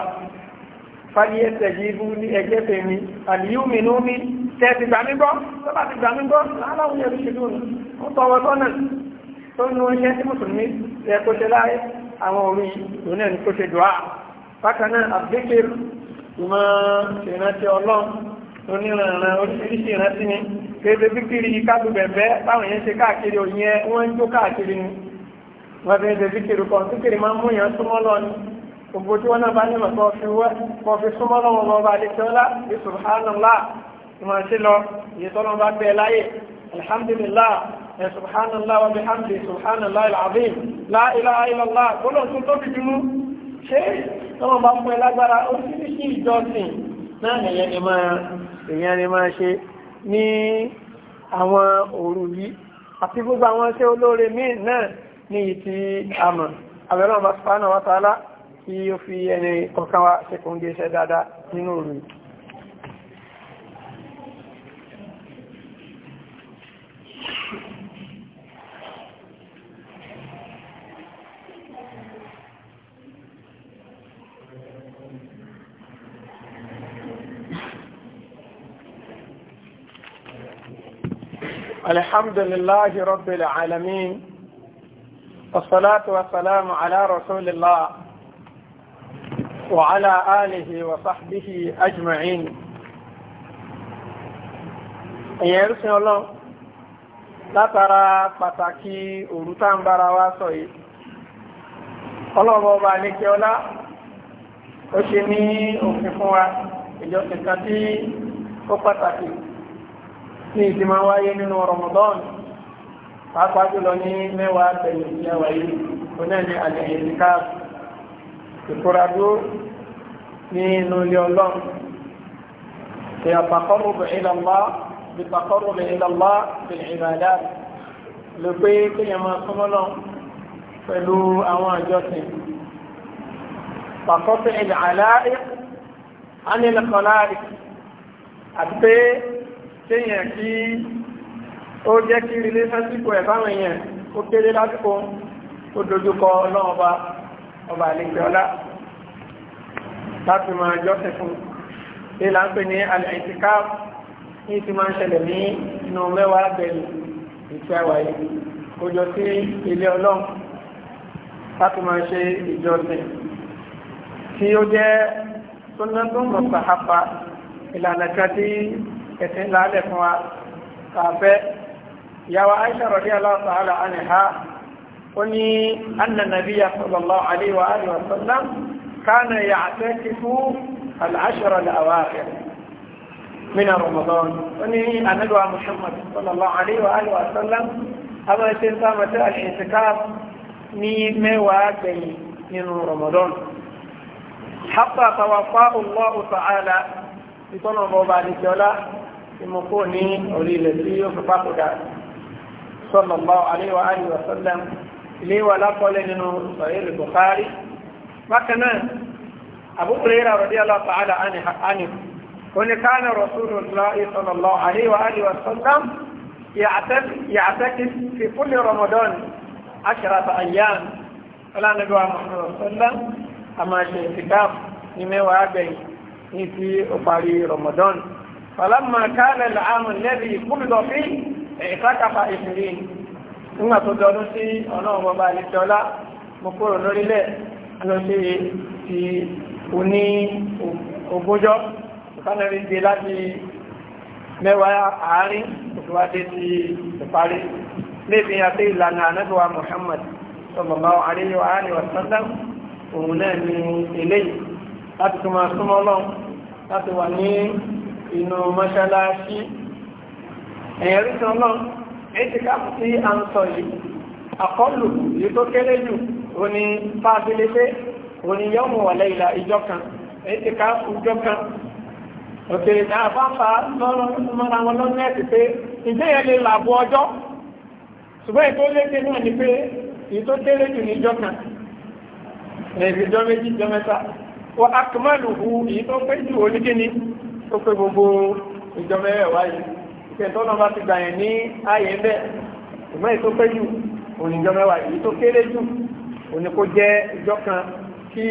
fàyè ẹsẹ̀ yìí bú ní ẹgbẹ́ tèmi àdìyú mi ní omi tẹ ti gbà mí gbọ́ tó bá ti gbà mí gbọ́ láàláwọ̀ yẹn ṣe dùn ó tọwọ́ tọ́nà tó nu iṣẹ́ tí mùsùlùmí yẹ kó ṣe láyé àwọn orí ìlú náà ní kó ṣe dùá bákan náà àbíkir ìmọ̀ ìrántí ọlọ́run oníranran oríṣiríṣi ìrántí ni kéde bíkìrì kábù bẹ̀bẹ̀ báwọn yẹn ṣe káàkiri òyìn ẹ wọ́n ń jó káàkiri ni wọ́n fi ń ṣe bíkìrì kan bíkìrì máa ń mú yàn súnmọ́ lọ ni gbogbo tí wọ́n náà bá nímọ̀ kọ́ fi wẹ́ kọ́ fi súnmọ́ lọ́wọ́ lọ́wọ́ bá àdéṣe ọlá bí subhanallah ìmọ̀ sí lọ iye tọ́lọ́ bá bẹ́ẹ̀ láyè alhamdulillah ẹ̀ subhanallah wa bihamdi subhanallah al-azim la ilaha illallah gbọ́dọ̀ tún tóbi jùlọ ṣé tọ́lọ́ bá fún ẹ lágbára oríṣiríṣi ìjọsìn náà èèyàn ni máa èèyàn ni máa ṣe ní àwọn òru yìí àti gbogbo àwọn iṣẹ́ olóore míì náà ní ìtì àmọ̀ àbẹ̀rẹ̀ ọba sùpánà wa tààlà tí ó fi ẹni kọ̀ọ̀kan wa ṣe kòǹgé iṣẹ́ dáadáa nínú òru yìí الحمد لله رب العالمين والصلاة والسلام على رسول الله وعلى آله وصحبه أجمعين ẹ̀yẹ̀ ẹ̀rùsìn ọlọ́run látara pàtàkì òru tá ń bára wa sọ yìí ọlọ́run ọba àníkẹ́ ọlá ó ṣe ní òfin fún wa ìjọsìn kan ó pàtàkì ní ìtì máa wáyé nínú Ramadan pàápàá jùlọ ní mẹ́wàá tẹ̀lé ìyàwó yìí ó náà ní àlẹ́ ìdíkà ìkóradó ní inú ilé ọlọ́run ìyàtàkọ́rù ìlàlá ìtàkọ́rù ìlàlá ìlàlá lè pé kéèyàn máa súnmọ́ lọ pẹ̀lú àwọn àjọsìn pàkọ́tù ìlàlá àti pé kéèyàn kí ó jẹ́ kí ilé sásìkò ẹ̀ báwọn èèyàn ó kéré lásìkò ó dojúkọ ọlọ́run ọba ọba àlejò ọlá láti máa jọ́sẹ̀ fún ilé à ń pè ní alẹ́ ìtìká ní ti máa ń ṣẹlẹ̀ ní inú mẹ́wàá bẹ̀rù ìfẹ́ wáyé kó jọ sí ilé ọlọ́run láti máa ṣe ìjọsìn tí ó jẹ́ tó ná tó pàápàá ìlànà kan tí ẹ̀sìn ńlá alẹ́ fún wa kàfẹ́ yàwó aisha radiyallahu ta'ala anha ó ní anna nabiyya sallallahu alaihi wa alihi wa sallam kana ya'takifu al-ashra al min ramadan ó ní anagba muhammad sallallahu alaihi wa alihi wa sallam a máa ṣe ń sá mata al-i'tikaf ní mẹ́wàá gbẹ̀yìn nínú ramadan حتى توفاه الله تعالى في طلب بعد الجلاء tí mo kó ní orí ilẹ̀ tí yóò fi pápọ̀dà sallallahu alaihi wa alihi wa sallam ilé wa lápọ̀lẹ̀ nínú Sahih Bukhari bákan náà Abu Hurairah radiyallahu ta'ala anhu قل كان رسول الله صلى الله عليه وآله وسلم يعتكف في كل رمضان عشرة أيام فلا نبي محمد صلى الله عليه وسلم أما الاعتكاف نمي وابي في أفاري رمضان فلما كان العام الذي قبض فيه اعتكف اثنين nígbà tó dọdún sí ọlọ́run bọba àlejọ́lá mo kúrò lórílẹ̀ lọ sí ti oní ogójọ́ ìkánẹ́rí gbé láti mẹ́wàá àárín òtúwádé ti ìparí lébi àti ìlànà ànábíwá Muhammad sallallahu alaihi wa alihi wa sallam òun náà ni eléyìí láti túnmọ̀ súnmọ́ ọlọ́run láti wà ní inú mọ́ṣáláṣí ẹ̀yẹ̀rí tí wọ́n náà ètì káàpù tí a ń sọ yìí àkọlù yìí tó kéré jù ó ní fábílẹ́fẹ́ ó ní yọ́mù wà lẹ́yìnlá ìjọ kan ètì káàpù ìjọ kan òkèrè náà bá fa lọ́rọ̀ mọ́ra wọn lọ́nà ẹ̀sì pé ìgbéyẹ lè ni pé èyí tó kéré jù ní ìjọ ó pé gbogbo ìjọba ẹ̀ wáyé ìṣẹ̀tọ́ náà bá ti gbà yẹn ní ààyè ńbẹ́ ìmọ̀ èyí tó pé jù òní ìjọba wáyé èyí tó kéré jù òní kó jẹ́ ìjọ kan kí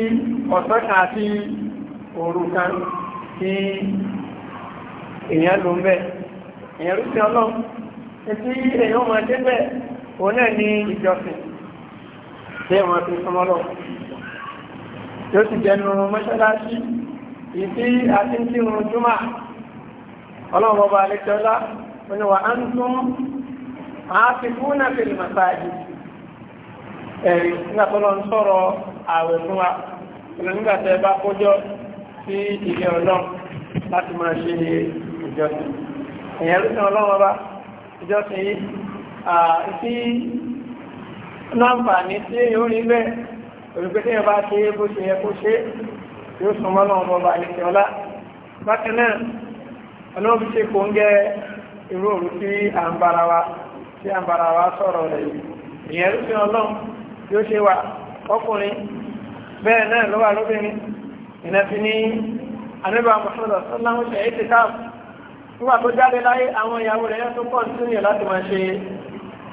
ọ̀sán kan àti òru kan kí èèyàn ló ń bẹ̀ èèyàn ló ti ọlọ́run etí èèyàn máa dé bẹ́ẹ̀ òun náà ní ìjọsìn tí èèyàn máa fi lọ yóò ti jẹnu mọ́ṣáláṣí ìdí àti ń kírun júmà ọlọ́run ọba alẹ́kẹ́ọ́lá wọn fèrè màsáàjì ẹ̀rí nígbà ń sọ̀rọ̀ ààwẹ̀ fún wa ìlú nígbà bá kójọ sí ilé ọlọ́run láti máa ṣe ìjọsìn ọba yóò súnmọ́ náà ọmọ ọba àlejò ọlá bákan náà ọlọ́run fi ṣe kò ń gẹ́ irú òru tí à ń bára wa tí à ń bára wa sọ̀rọ̀ rẹ̀ ìyẹn ló fi ọlọ́run yóò ṣe wà ọkùnrin bẹ́ẹ̀ náà ló wà lóbìnrin ìnà fi ní anábà mọ̀sọ́lọ̀ sọ́láhùn ṣe é ti káàbù nígbà tó jáde láyé àwọn ìyàwó rẹ̀ tó pọ̀ sí ní láti máa ṣe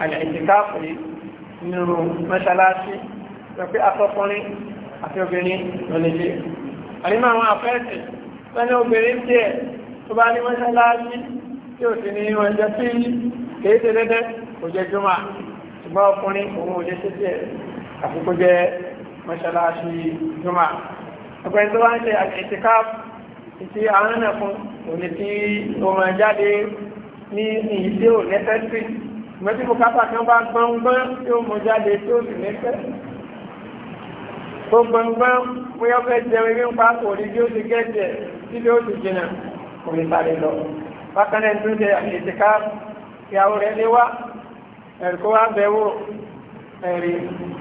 àlẹ́ ìtìkáàfù yìí nínú mọ́ṣáláṣí lọ pé atọ́kùnrin àti obìnrin lọ lè àní máa wọn àfẹ́ẹ̀sì sani obìnrin tiẹ̀ tó bá ní mọ́ṣáláṣí tí ò sì ní wọn jẹ sí kéé ṣe dẹ́dẹ́ kò jẹ jọmọ ṣùgbọ́n ọkùnrin òun ò jẹ sí tiẹ̀ àfi kó jẹ mọ́ṣáláṣí jọmọ. ọkùnrin tó bá ń ṣe àtẹ̀síká ìtì àwọn náà fún òní tí ó máa jáde ní ìyí tí ò lẹ́sẹ̀ sí ìgbésí kan bá gbọ́ngbọ́n tí ó mọ jáde tí ó sì lẹ́sẹ̀ tó gbọ̀ngbọ́n bóyá fẹ́ jẹun ibi ń pa kò rí bí ó ti gẹ́ẹ̀jẹ̀ tí bí ó ti jìnà kò ní sáré lọ bákanẹ̀ tó jẹ àyètì ká ìyàwó rẹ̀ lé wá ẹ̀rù kó wá bẹ̀wò ẹ̀rì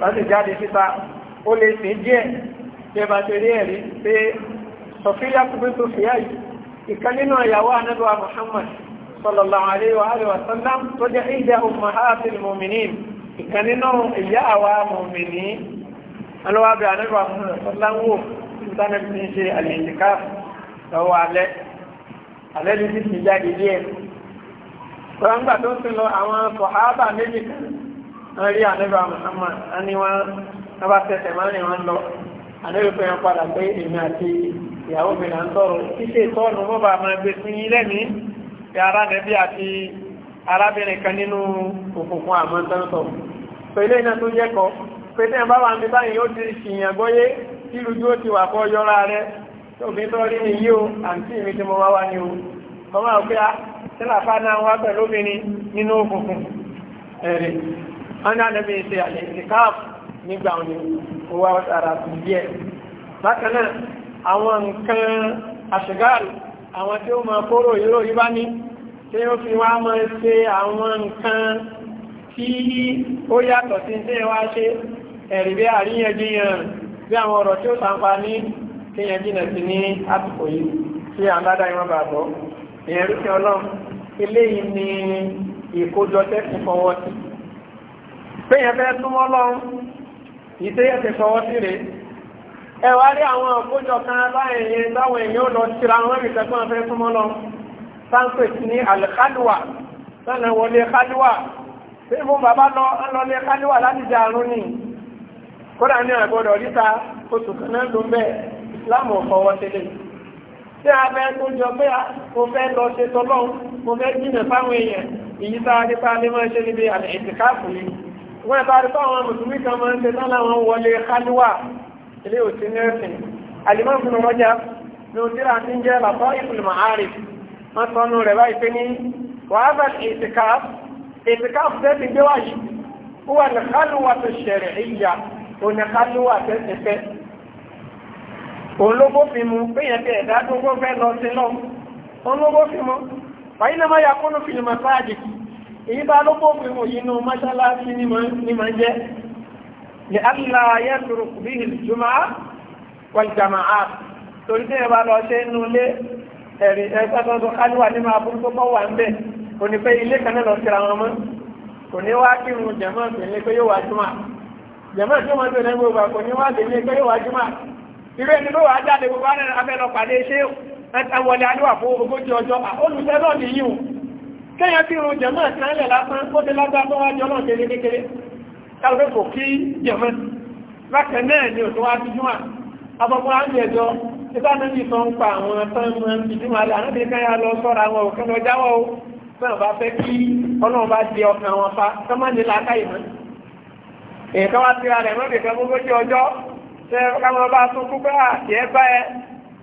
láti jáde síta ó lè sìn díẹ̀ tí ẹ bá ti rí ẹ̀rí pé sọfíyà kúbí tó fìyà yìí ìkan nínú ìyàwó anábíwá Muhammad sallallahu alaihi wa alihi wa sallam tó jẹ ìjà ummahati al-mu'minin ìkan nínú ìyá àwa mu'minin ọlọ́wà bẹ àníbà ọláwò ìtànẹ́bì ní ṣe àlèyìnká lọ́wọ́ alẹ́ alẹ́ ní ti fi jáde díẹ̀ ọ̀rọ̀ǹgbà tó ti lọ àwọn sọ̀hábà méjì kan rí àníbà Muhammad a ní wọ́n bá tẹ̀sẹ̀ máa ní wọ́n lọ àníbà pé wọ́n padà pé èmi àti ìyàwó mi là ń tọrọ ṣíṣe ìtọ́nù mọ́ bá máa gbé fún yín lẹ́mí ti ara nẹ́bí àti arábìnrin kan nínú òkùnkùn àmọ́ tẹ́ńtọ̀ pẹ̀lú iná tó jẹ́kọ̀ọ́ pété bá wà ní báyìí ó ti ṣìyàn gbọ́yé kí lójú ó ti wà kọ́ re. rẹ tóbi tó rí ni yí o àǹtí mi tí wá wá o kọ́má ò a sílà fáná wá pẹ̀lú obìnrin nínú òkùnkùn ẹ̀rẹ̀ ọ̀nà àdẹ́bí ṣe àlẹ́ ìkáàpù nígbà òní ó wá ara sí díẹ̀ bákan náà àwọn nǹkan àṣegáàlù àwọn tí ó máa kóró ìró yí bá ní tí ó fi wá ṣe àwọn nǹkan tí ó yàtọ̀ sí ẹ̀rí bí àríyànjiyàn bí àwọn ọ̀rọ̀ tí ó sàǹpa ní kéèyàn jìnà sí ní àsìkò yìí tí à ń bá dá ìwọ̀n bàbọ̀ ìyẹn rúkẹ́ ọlọ́run eléyìí ni ìkójọ tẹ́sí fọwọ́ sí péyàn fẹ́ túnmọ́ lọ́run ìtẹ́yẹ̀ tẹ́ fọwọ́ sí rèé ẹ wá rí àwọn àkójọ kan láàrin táwọn èèyàn ó lọ síra wọn rí tẹ́gbọ́n fẹ́ súnmọ́ lọ sáńpẹ̀ sí ní alìkádùwà sánà wọlé kádùwà tí bàbá lọ lọlé kádùwà láti jẹ àrùn ni kódà ní àgbọ̀dọ̀ ríta oṣù kan náà ló ń bẹ̀ islam ọ̀fọwọ́ tẹ́lẹ̀ tí a fẹ́ tó jọ pé mo fẹ́ lọ ṣe tọ́lọ́hún mo fẹ́ jìnà fáwọn èèyàn èyí tá a rí pa lè máa ṣe níbi àlẹ́ ìtìkáàfù yìí wọ́n bá rí fáwọn mùsùlùmí kan máa ń ṣe tán láwọn wọlé kálíwà ilé òsì ní ẹ̀sìn alimọ́n fún ọjà ní òtíra ti ń jẹ́ làtọ́ ìfìlìmọ̀ àárẹ̀ wọ́n sọ nù rẹ̀ báyìí pé ní wàhálà ìtìkáàfù ìtìkáàfù tẹ́sí gbé wáyé wọ́n wà ní kálíwà tó ṣẹ̀rẹ̀ ìyá oníkálíwà tẹ́sẹ̀fẹ́ olóbófinmu péyàn tẹ́ ẹ̀dá tó gbọ́ fẹ́ lọ sí lọ́wọ́ olóbófinmu báyìí náà má yà kúnnù fìlìmọ̀ sáàjì èyí bá olóbófinmu yìí nù mọ́ṣáláṣí ní máa jẹ́ ní alá yẹ́tùrù bí ìjùmọ̀ wàjàmà á torí tẹ́ ẹ bá lọ ṣe inú ilé ẹ̀rí ẹgbẹ́tọ́tọ́ kálíwà ní máa burúkú pọ́ wà ń bẹ̀ kò ní pé ilé kan náà lọ síra wọn mọ́ kò ní wá kírun jẹ̀mọ́ jẹ̀mọ́ tí wọ́n bẹ̀rẹ̀ gbogbo àpò ní wọ́n lè gbé ìwájú máa irú ẹni ló wà á jáde gbogbo àwọn abẹ́lọ pàdé ṣé ẹta wọlé adúwà fún ogójì ọjọ́ olùsẹ́ náà nìyí o kéèyàn tí irun jẹ̀mọ́ ìtànlẹ̀ lásán ó ti lágbá tó wájú ọlọ́run kéde kékeré kálùkù kò kí jẹ̀mọ́ bákan náà ni òtún wá sí júmọ́ àbọ̀kọ́ àmì ẹ̀jọ́ títà náà ní sọ ń pa àwọn tán mọ́ ìjúmọ́ alẹ́ àwọn ìdíkan yà lọ sọ́ra wọn òkè lọ jáwọ́ o náà bá fẹ́ kí ọlọ́run bá di ọkàn wọn pa tọ́mọ́ nílá káyìmọ́ èèkàn wá síra rẹ̀ mọ́bì kan gbogbojú ọjọ́ ṣe káwọn bá tún kú pé àti ẹ bá ẹ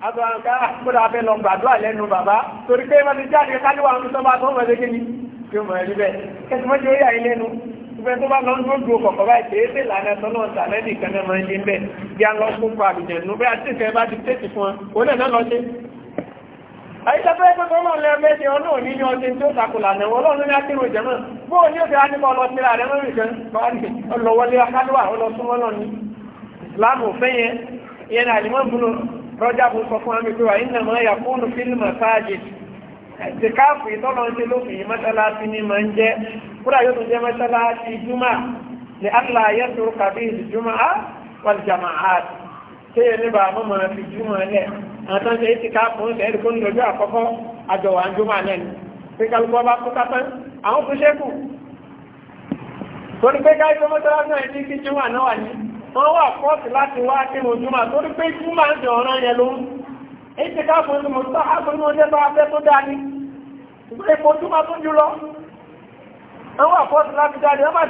àtọ̀ǹkà kódà fẹ́ lọ gbàdúrà lẹ́nu bàbá torí pé wọ́n ti jáde káníwá ń tó bá tó mọ̀ ṣe kíni tí ó mọ̀ ẹ̀rí bẹ́ẹ̀ kẹsì mọ́jú ó yà ilé nu ìgbẹ́ tó bá lọ ń dúró kọ̀kọ̀ báyìí tèé tè lànà tọ́nà ọ̀sàlẹ́dì kan náà máa ń dé bẹ́ẹ̀ bí a lọ kó pa àbìjẹ̀nu bẹ́ẹ̀ àti ìfẹ́ bá ti tètè fún ọ àyíṣẹ́fẹ́ ẹgbẹ́gbẹ́ ọlọ́run lẹ́ẹ̀mẹ́sẹ̀ ọlọ́run ní ní ọdún tó takùlà nẹ̀wọ̀ ọlọ́run ní akínú ìjẹ̀mọ́ bóò ní òfin anípa ọlọ́tíra rẹ̀ mọ́rin kan ọlọ́wọlé akálùwà ọlọ́súnmọ́ náà ní ìsìláàmù fẹ́yẹ ìyẹn àlìmọ́ bùnú rọ́jà bù sọ fún amíkú wa iná máa yà fóònù fílmù sáàjì ti káàfù ìtọ́lọ́ ṣe lófin mọ́ṣáláṣí ni máa ń jẹ́ kúrà yóò tún jẹ́ mọ́ṣáláṣí ní àlàyé tó kàbí ìjúmà á kéèyàn níbà mọ́mọ́ fi júmọ̀ ẹ̀lẹ́ àtàn ṣe ti káàpù ń sẹ́ẹ̀dì kó ń lójú àkọ́kọ́ àjọwà ń júmọ̀ náà ni pé kálukọ́ bá kó kápẹ́ àwọn tó ṣẹ́kù torí pé káyọ̀ tó mọ́tọ́lá náà ní kí júmọ̀ náà wà ní wọ́n wà fọ́ọ̀sì láti wá kí mo júmọ̀ torí pé júmọ̀ ń dẹ̀ ọ̀ràn yẹn ti jáde wọ́n bá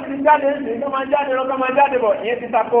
ti jáde ìgbèkò máa jáde lọ́kọ́ máa jáde bọ̀ ìyẹn ti tako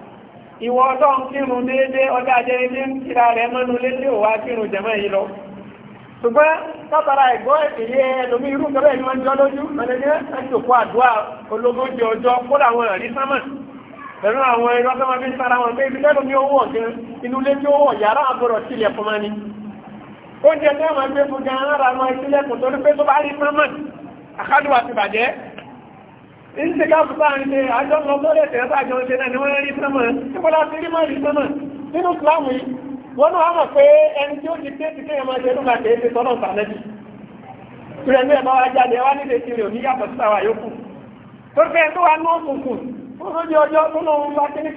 ìwọ ọlọ́run kírun déédé ọjọ́ ajé ilé ń kíra rẹ̀ mọ́nu lédè òwá kírun jẹ̀mọ́ yìí lọ ṣùgbọ́n tọ́tara ẹ̀gbọ́ ìyẹ́ ẹlòmí irú nǹkan bẹ́ẹ̀ ni wọ́n ń jọ lójú mọ̀lẹ́dẹ́ ẹ̀sìnkú àdúrà ológójì ọjọ́ kódà àwọn ẹ̀rí sámà pẹ̀lú àwọn ẹ̀rọ tó máa fi ń sára wọn pé ibi lẹ́nu ní owó ọ̀gán inú ilé tí ó wọ̀ yàrá àbúrò sílẹ̀ fún mani oúnjẹ tó máa gbé fún gan ara máa sílẹ̀kùn torí pé tó bá rí sámà àkádùn àti bàjẹ́ i káfùtà ń ṣe àjọ lọ lọ́rẹ̀ tẹ̀ẹ́sà àjọ ṣe ni wọ́n rí sánmà nígbàlá ti rí máa rí sánmà nínú ìsìláàmù yìí wọ́n náà mọ̀ pé ẹni tí ó ti pé ti kéèyàn máa ṣe ṣe jáde wá nílé sí àwa tó fẹ́ tó wà ó ọjọ́ tó kí ni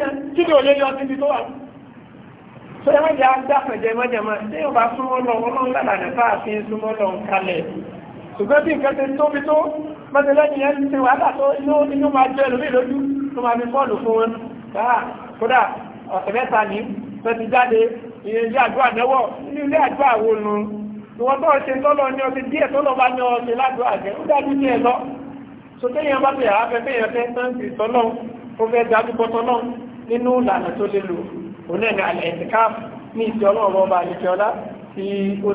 ẹ ṣé yóò mọ́tẹ̀lẹ́ni ẹ̀ ń ṣe wàhálà tó inú máa jẹ́ lórí lójú tó máa fi fọ́ọ̀lù fún wọn káà kódà ọ̀sẹ̀ mẹ́ta ní pẹ̀sì jáde ilé àdúrà nẹ́wọ̀ nínú ilé àdúrà wo nu ìwọ́n tó ṣe tọ́lọ ní ọtí díẹ̀ tọ́lọ bá ní ọtí ládùúrà jẹ́ ó dájú ní ẹ̀ lọ sọtẹ́yìn bá bẹ̀rẹ̀ afẹ́fẹ́ yẹn fẹ́ sáǹtì tọ́lọ ó fẹ́ dájú kọ́ tọ́lọ nínú ìlànà tí ó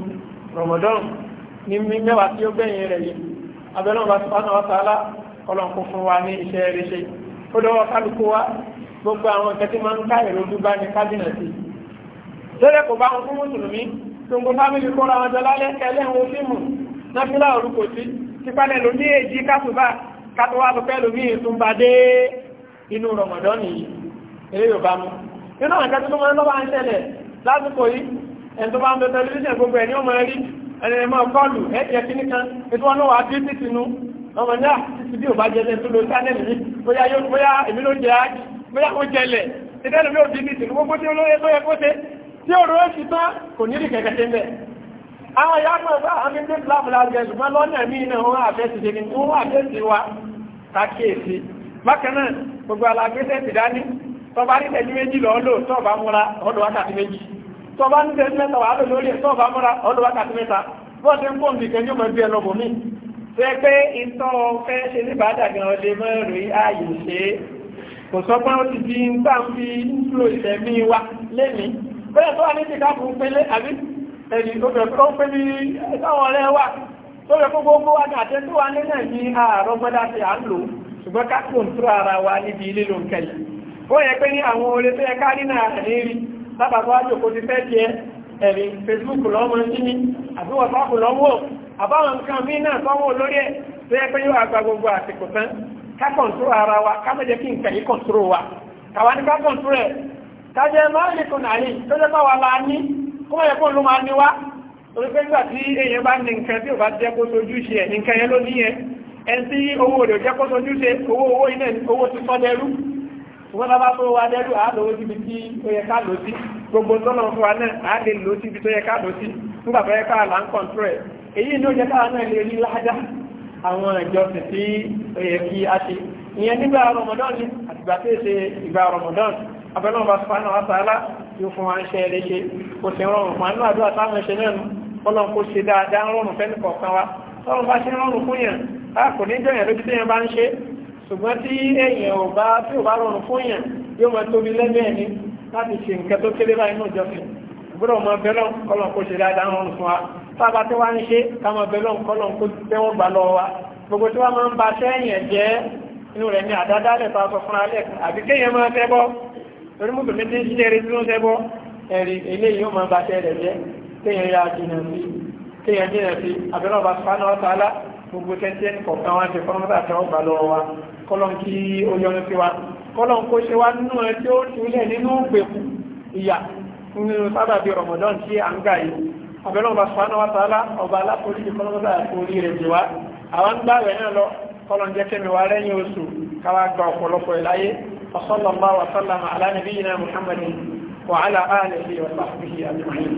ṣe Ramadan ní mẹ́wàá tí ó gbẹ̀yìn rẹ̀ yìí abẹ́lẹ́ ọba sọ́nà ọ̀sálà ọlọ́nkó fún wa ní iṣẹ́ rẹ̀ ṣe ó dọ́wọ́ kálukú wa gbogbo àwọn ìkẹ́tí máa ń ká èrò dúbá ní kábínà sí i lọ́dẹ̀ kò bá wọn fún mùsùlùmí tó fámìlì kóra wọn jọ lálẹ́ ẹlẹ́ fíìmù náfílà orúkọ sí tipalẹ̀ ló ní èjì kásùbà kátó wá lọ́pẹ́ lómi ìtún bá dé inú Ramadan yìí eré Yorùbá mu nínú àwọn ìkẹ́tí tó máa ń lọ́wọ́ à ń ṣẹlẹ̀ lásìkò yìí ẹ̀ntọ́ bá ń bẹ tẹlifíṣàn gbogbo ẹ̀ ní ọmọ ẹ̀rí ẹ̀rẹ̀ máa kọlù ẹ̀jẹ̀ kìíní kan ètò wọn náà wà á dé títì nu ọmọ náà títí bí ò bá jẹ tó lo sánẹ́lì yìí bóyá yóò bóyá èmi ló jẹ ájì bóyá ó jẹlẹ̀ ìdẹ́nu mi ò di ní ìtìlú gbogbo tí olóyè tó yẹ kó ṣe tí òrò ó ti tán kò ní rí kẹ̀kẹ́ ṣe wa kákíyèsí. bákan náà gbogbo alágbèsè ti dání tọ́ba ní tẹ̀lé méjì lọ́ọ́ lò tọ́ọ̀bá múra ọ̀dọ̀ wákàtí méjì. tó bá ní tẹ́lẹ̀ mẹ́ta wàá lò lórí ẹ̀ tó bá múra ọlọ́wà kàtí mẹ́ta bọ́ọ̀ ti ń bí mi. pé ìtọ́ ṣe ní bàdà gan ọdẹ mẹ́rin rí kò sọ pé ó ti di wa bẹ́ẹ̀ tó wà ní ti pélé àbí ẹ̀yìn tó tó pé ní wa àti tó wà nílẹ̀ ní gbọ́dá ti à ń lò ṣùgbọ́n tó ara wa níbi lábàbọ́ àjòkó ti fẹ́ jẹ ẹ̀rí facebook lọ́mọ síní àbí whatsapp lọ́wọ́ àbáwọn nǹkan mí náà sọ́wọ́ olórí ẹ̀ tó yẹ pé yóò àgbà gbogbo àsìkò tán ká kọ̀ǹtúrò ara wa ká mẹ́jẹ kí nǹkan yìí kọ̀ǹtúrò wa kàwa ní ká kọ̀ǹtúrò ẹ̀ kájẹ́ máa lè kùnà yìí tó jẹ́ máa wà láà ní kó mọ̀ yẹ kó ló máa ní ṣùgbọ́n bá bá tó wa dẹ́rù á lò ó síbi tí ó yẹ ká lò sí gbogbo tọ́lọ̀ fún wa náà á lè lò ó síbi tó yẹ ká lò sí nígbà tó yẹ ká là ń kọ̀ǹtúrọ̀ ẹ̀ èyí ni ó jẹ́ káwa náà lè rí lájá àwọn ìjọsìn tí ó yẹ kí a ṣe ìyẹn nígbà Ramadan ni àtìgbà tó ṣe ìgbà Ramadan abẹ́lẹ́ ọba sùpánà wa sàálà yóò fún wa ń ṣe ẹ̀rẹ́ ṣe kò sí rọrùn fún àánú àdúrà táwọn ṣe náà nù kọ́lọ́n kó ṣe dáadáa rọrùn fẹ́ni kọ̀ọ̀kan wa tọ́lọ́ bá ṣe rọrùn fún yẹn a kò ní jọyàn lójú tí yẹn bá ń ṣe ṣùgbọ́n tí èèyàn ò tí ò bá rọrùn fún yàn yóò máa tóbi lẹ́gbẹ̀ẹ́ ni láti ṣe nǹkan tó kéré báyìí náà jọ́sìn gbọ́dọ̀ máa bẹ́lọ̀ kọ́lọ̀ kó ṣe dáadáa rọrùn fún wa tába tí wá ń ṣe ká máa bẹ́lọ̀ kọ́lọ̀ kó tẹ́wọ́ gbà lọ wa gbogbo tí wọ́n máa ń ba sẹ́yìn ẹ̀jẹ̀ inú rẹ̀ ní àdádálẹ̀ tó aṣọ fúnra lẹ̀ àbí kéèyàn máa fẹ́ bọ́ torí mú bèbè tí ń ṣe eré tí wọ́n fẹ́ bọ́ ẹ̀rí eléyìí yóò máa ba sẹ́yìn ẹ̀jẹ̀ kéèyàn yá jìnà gbogbo tẹ́tí ẹni kọ̀ọ̀kan wá ṣe kọ́lọ́mọ́tà àtẹ́wọ́gbà lọ́wọ́ wa kọ́lọ́m kí ó yọnu sí wa kọ́lọ́m kó ṣe wá nínú ẹ tí ó túlẹ̀ nínú gbèkú ìyà nínú sábà bíi Ramadan tí à ń gà yìí abẹ́lẹ́ ọba sùpánà wa tààlà ọba aláforíjì kọ́lọ́mọ́tà àtòrí rẹ̀ jù wá àwọn gbà rẹ̀ náà lọ kọ́lọ́m jẹ́ kẹ́mi wa lẹ́yìn oṣù